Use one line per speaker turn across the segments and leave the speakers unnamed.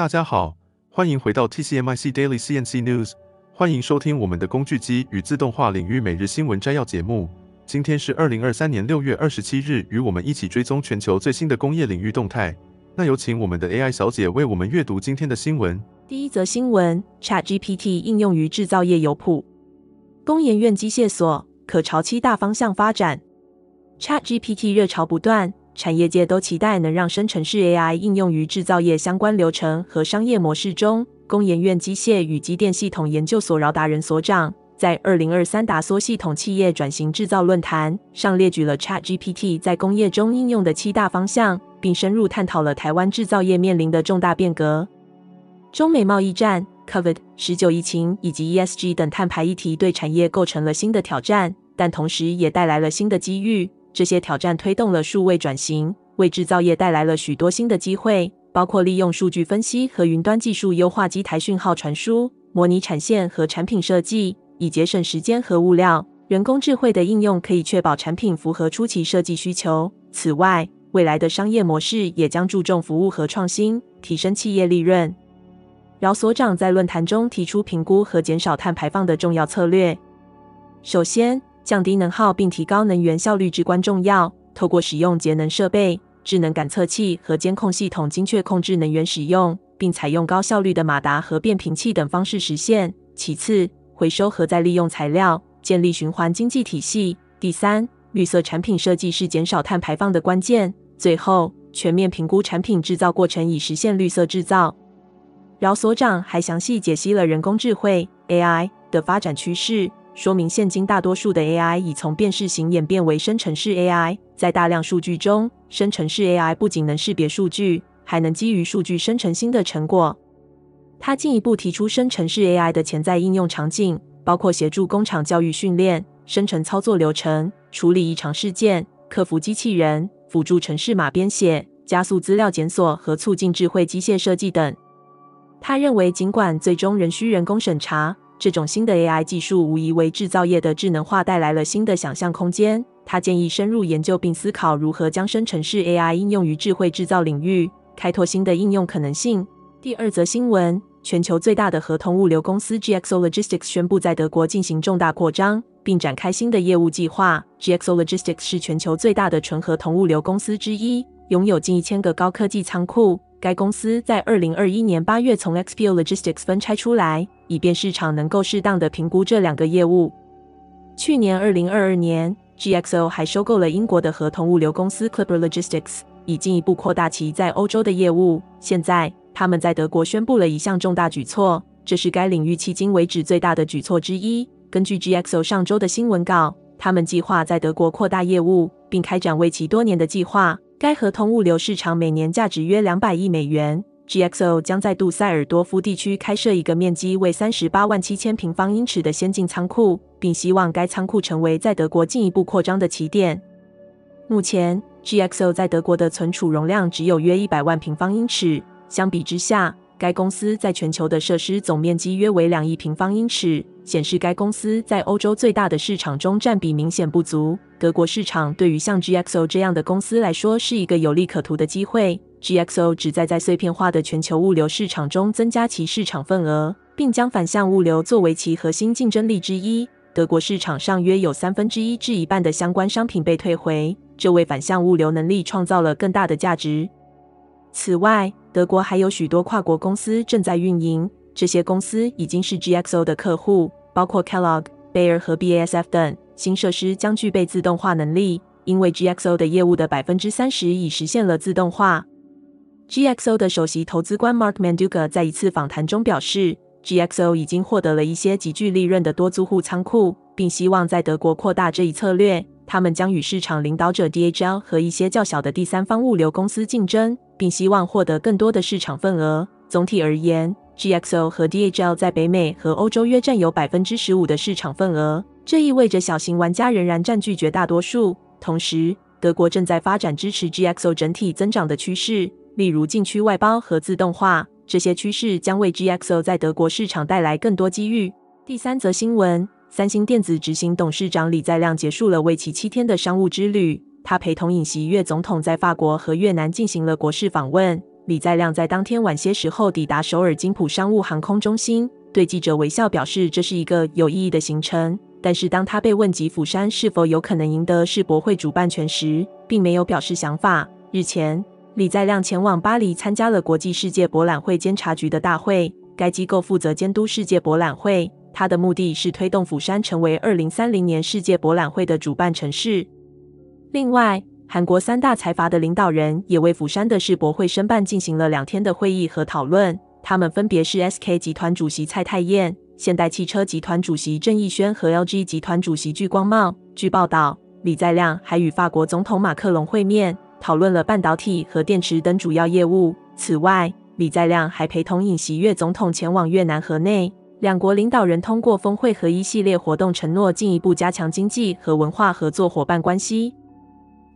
.大家好，歡迎回到 TCMIC Daily CNC News，歡迎收聽我們的工具機與自動化領域每日新聞摘要節目。今天是二零二三年六月二十七日，與我們一起追蹤全球最新的工業領域動態。那有請我們的 AI 小姐為我們閱讀今天的新聞。第一則新聞：ChatGPT 應用於製造業，有譜。工研院機械所可朝七大方向發展。ChatGPT 熱潮不斷。產業界都期待能讓生成式 AI 應用於制造業相關流程和商業模式中。工研院機械與機電系統研究所饒達人所長在二零二三達梭系統企業轉型制造論壇上列舉了 ChatGPT 在工業中應用的七大方向，並深入探討了台灣制造業面臨的重大變革。中美貿易戰、COVID-19 疫情以及 ESG 等碳排議題對產業構成了新的挑戰，但同時也帶來了新的機遇。這些挑戰推動了數位轉型，為制造業帶來了許多新的機會，包括利用數據分析和雲端技術優化機台訊號傳輸、模擬產線和產品設計，以節省時間和物料。人工智慧的應用可以確保產品符合初期設計需求。此外，未來的商業模式也將注重服務和創新，提升企業利潤。饒所長在論壇中提出評估和減少碳排放的重要策略。首先，降低能耗並提高能源效率至關重要。透過使用節能設備、智能感測器和監控系統，精確控制能源使用，並採用高效率的馬達和變頻器等方式實現。其次，回收和再利用材料，建立循環經濟體系。第三，綠色產品設計是減少碳排放的關鍵。最後，全面評估產品製造過程，以實現綠色製造。饒所長還詳細解析了人工智慧 AI 的發展趨勢。說明，現今大多數的 AI 已從辨識型演變為生成式 AI。在大量數據中，生成式 AI 不僅能識別數據，還能基於數據生成新的成果。他進一步提出，生成式 AI 的潛在應用場景包括協助工廠教育訓練、生成操作流程、處理異常事件、客服機器人、輔助程式碼編寫、加速資料檢索和促進智慧機械設計等。他認為，儘管最終仍需人工審查。這種新的 AI 技術無疑為製造業的智能化帶來了新的想象空間。他建議深入研究並思考如何將生成式 AI 應用於智慧制造領域，開拓新的應用可能性。第二則新聞：全球最大的合同物流公司 GXO Logistics 宣布在德國進行重大擴張，並展開新的業務計劃。GXO Logistics 是全球最大的純合同物流公司之一，擁有近一千個高科技倉庫。該公司在二零二一年八月從 XPO Logistics 分拆出來，以便市場能夠適當的評估這兩個業務。去年二零二二年，GXO 還收購了英國的合同物流公司 Clipper Logistics，以進一步擴大其在歐洲的業務。現在，他們在德國宣佈了一項重大舉措，這是該領域迄今為止最大的舉措之一。根據 GXO 上周的新聞稿，他們計劃在德國擴大業務，並開展為期多年的計劃。該合同物流市場每年價值約兩百億美元，GXO 將在杜塞爾多夫地區開設一個面積為三十八萬七千平方英尺的先進倉庫，並希望該倉庫成為在德國進一步擴張的起點。目前，GXO 在德國的存儲容量只有約一百萬平方英尺，相比之下，該公司在全球的設施總面積約為兩億平方英尺。顯示該公司在歐洲最大的市場中占比明顯不足。德國市場對於像 GXO 這樣的公司來說是一個有利可圖的機會。GXO 旨在在碎片化的全球物流市場中增加其市場份額，並將反向物流作為其核心競爭力之一。德國市場上約有三分之一至一半的相關商品被退回，這為反向物流能力創造了更大的價值。此外，德國還有許多跨國公司正在運營。這些公司已經是 GXO 的客戶，包括 Kellogg、Bayer 和 BASF 等。新設施將具備自動化能力，因為 GXO 的業務的百分之三十已實現了自動化。GXO 的首席投資官 Mark Manduka 在一次訪談中表示，GXO 已經獲得了一些極具利潤的多租戶倉庫，並希望在德國擴大這一策略。他們將與市場領導者 DHL 和一些較小的第三方物流公司競爭，並希望獲得更多的市場份額。總體而言，GXO 和 DHL 在北美和歐洲約占有百分之十五的市場份額，這意味着小型玩家仍然占據絕大多數。同時，德國正在發展支持 GXO 整體增長的趨勢，例如禁區外包和自動化。這些趨勢將為 GXO 在德國市場帶來更多機遇。第三則新聞：三星電子執行董事長李在亮結束了為期七天的商務之旅，他陪同尹錫悅總統在法國和越南進行了國事訪問。李在亮在當天晚些時候抵達首爾金浦商務航空中心，對記者微笑表示：“這是一個有意義的行程。”但是，當他被問及釜山是否有可能贏得世博會主辦權時，並沒有表示想法。日前，李在亮前往巴黎參加了國際世界博覽會監察局的大會，該機構負責監督世界博覽會。他的目的是推動釜山成為2030年世界博覽會的主辦城市。另外，韓國三大財閥的領導人也為釜山的世博會申辦進行了兩天的會議和討論。他們分別是 SK 集團主席蔡太彥、現代汽車集團主席鄭義宣和 LG 集團主席具光茂。據報道，李在亮還與法國總統馬克龍會面，討論了半導體和電池等主要業務。此外，李在亮還陪同尹錫悅總統前往越南河內。兩國領導人通過峰會和一系列活動，承諾進一步加強經濟和文化合作夥伴關係。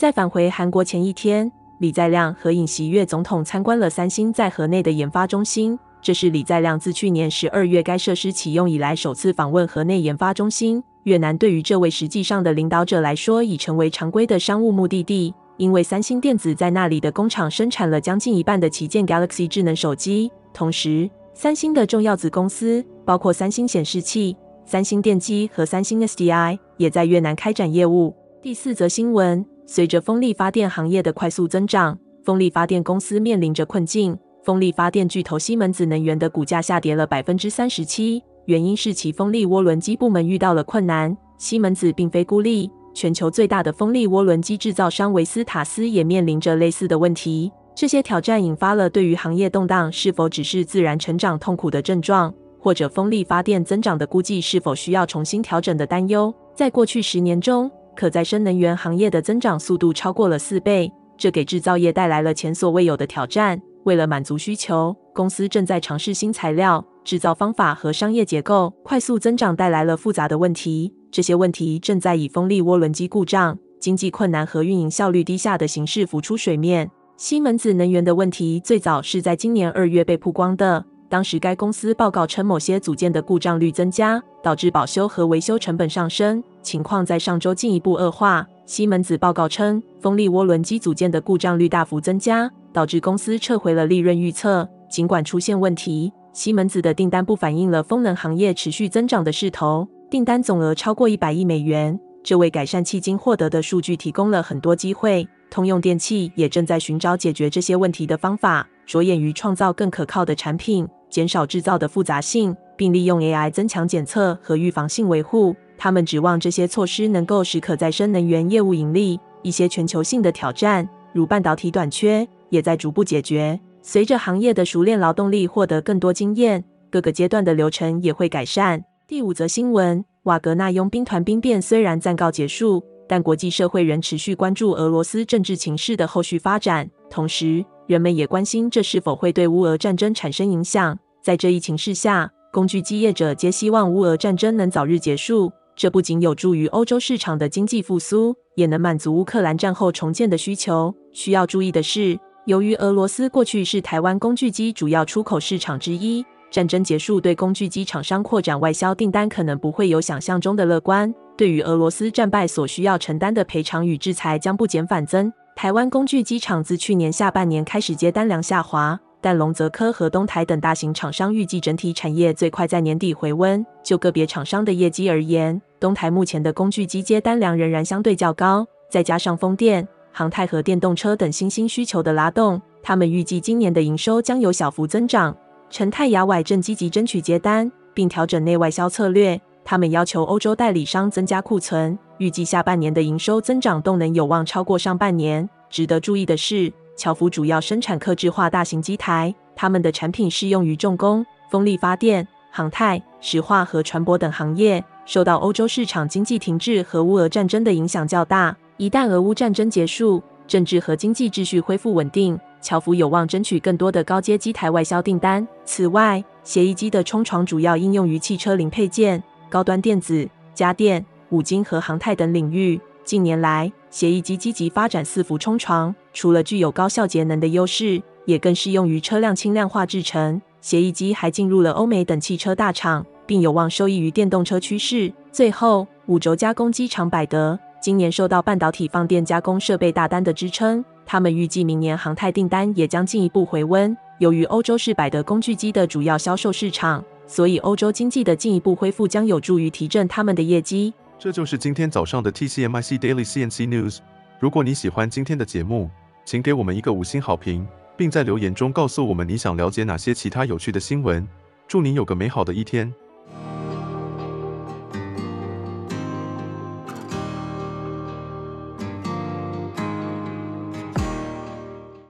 在返回韓國前一天，李在亮和尹錫悅總統參觀了三星在河內的研發中心。這是李在亮自去年十二月該設施啟用以來首次訪問河內研發中心。越南對於這位實際上的領導者來說，已成為常規的商務目的地，因為三星電子在那裡的工廠生產了將近一半的旗艦 Galaxy 智能手機。同時，三星的重要子公司，包括三星顯示器、三星電機和三星 SDI，也在越南開展業務。第四則新聞。隨着風力發電行業的快速增長，風力發電公司面臨着困境。風力發電巨頭西門子能源的股價下跌了百分之三十七，原因是其風力渦輪機部門遇到了困難。西門子並非孤立，全球最大的風力渦輪機制造商維斯塔斯也面臨着類似的問題。這些挑戰引發了對於行業動盪是否只是自然成長痛苦的症狀，或者風力發電增長的估計是否需要重新調整的擔憂。在過去十年中，可再生能源行業的增長速度超過了四倍，這給制造業帶來了前所未有的挑戰。為了滿足需求，公司正在嘗試新材料、制造方法和商業結構，快速增長帶來了複雜的問題。這些問題正在以風力渦輪機故障、經濟困難和運營效率低下的形式浮出水面。西門子能源的問題最早是在今年二月被曝光的。當時，該公司報告稱，某些組件的故障率增加，導致保修和維修成本上升。情況在上周進一步惡化。西門子報告稱，風力渦輪機組件的故障率大幅增加，導致公司撤回了利潤預測。儘管出現問題，西門子的訂單不反映了風能行業持續增長的勢頭，訂單總額超過一百億美元，這為改善迄今獲得的數據提供了很多機會。通用電氣也正在尋找解決這些問題的方法，着眼於創造更可靠的產品。減少製造的複雜性，並利用 AI 增強檢測和預防性維護。他們指望這些措施能夠使可再生能源業務盈利。一些全球性的挑戰，如半導體短缺，也在逐步解決。隨着行業的熟練勞動力獲得更多經驗，各個階段的流程也會改善。第五則新聞：瓦格納傭兵團兵變雖然暫告結束，但國際社會仍持續關注俄羅斯政治情勢的後續發展。同時，人們也關心這是否會對烏俄戰爭產生影響。在這一情勢下，工具機業者皆希望烏俄戰爭能早日結束。這不僅有助於歐洲市場的經濟復甦，也能滿足烏克蘭戰後重建的需求。需要注意的是，由於俄羅斯過去是台灣工具機主要出口市場之一，戰爭結束對工具機廠商擴展外銷訂單可能不會有想象中的樂觀。對於俄羅斯戰敗所需要承擔的賠償與制裁，將不減反增。臺灣工具機廠自去年下半年開始接單量下滑，但瀧澤科和東台等大型廠商預計整體產業最快在年底回溫。就個別廠商的業績而言，東台目前的工具機接單量仍然相對較高，再加上風電、航太和電動車等新興需求的拉動，他們預計今年的營收將有小幅增長。程泰亞崴正積極爭取接單，並調整內外銷策略。他們要求歐洲代理商增加庫存，預計下半年的營收增長動能有望超過上半年。值得注意的是，喬福主要生產客制化大型機台，他們的產品適用於重工、風力發電、航太、石化和船舶等行業，受到歐洲市場經濟停滯和烏俄戰爭的影響較大。一旦俄烏戰爭結束，政治和經濟秩序恢復穩定，喬福有望爭取更多的高階機台外銷訂單。此外，協議機的沖床主要應用於汽車零配件。高端電子、家電、五金和航太等領域，近年來協易機積極發展伺服沖床，除了具有高效節能的優勢，也更適用於車輛輕量化製程，協易機還進入了歐美等汽車大廠，並有望受益於電動車趨勢。最後，五軸加工機廠百德今年受到半導體放電加工設備大單的支撐，他們預計明年航太訂單也將進一步回溫。由於歐洲是百德工具機的主要銷售市場。所以，歐洲經濟的進一步恢復將有助於提振他們的業績。這就是今天早上的 TCMIC Daily CNC News。如果你喜歡今天的節目，請給我們一個五星好評，並在留言中告訴我們你想了解哪些其他有趣的新聞。祝你有個美好的一天！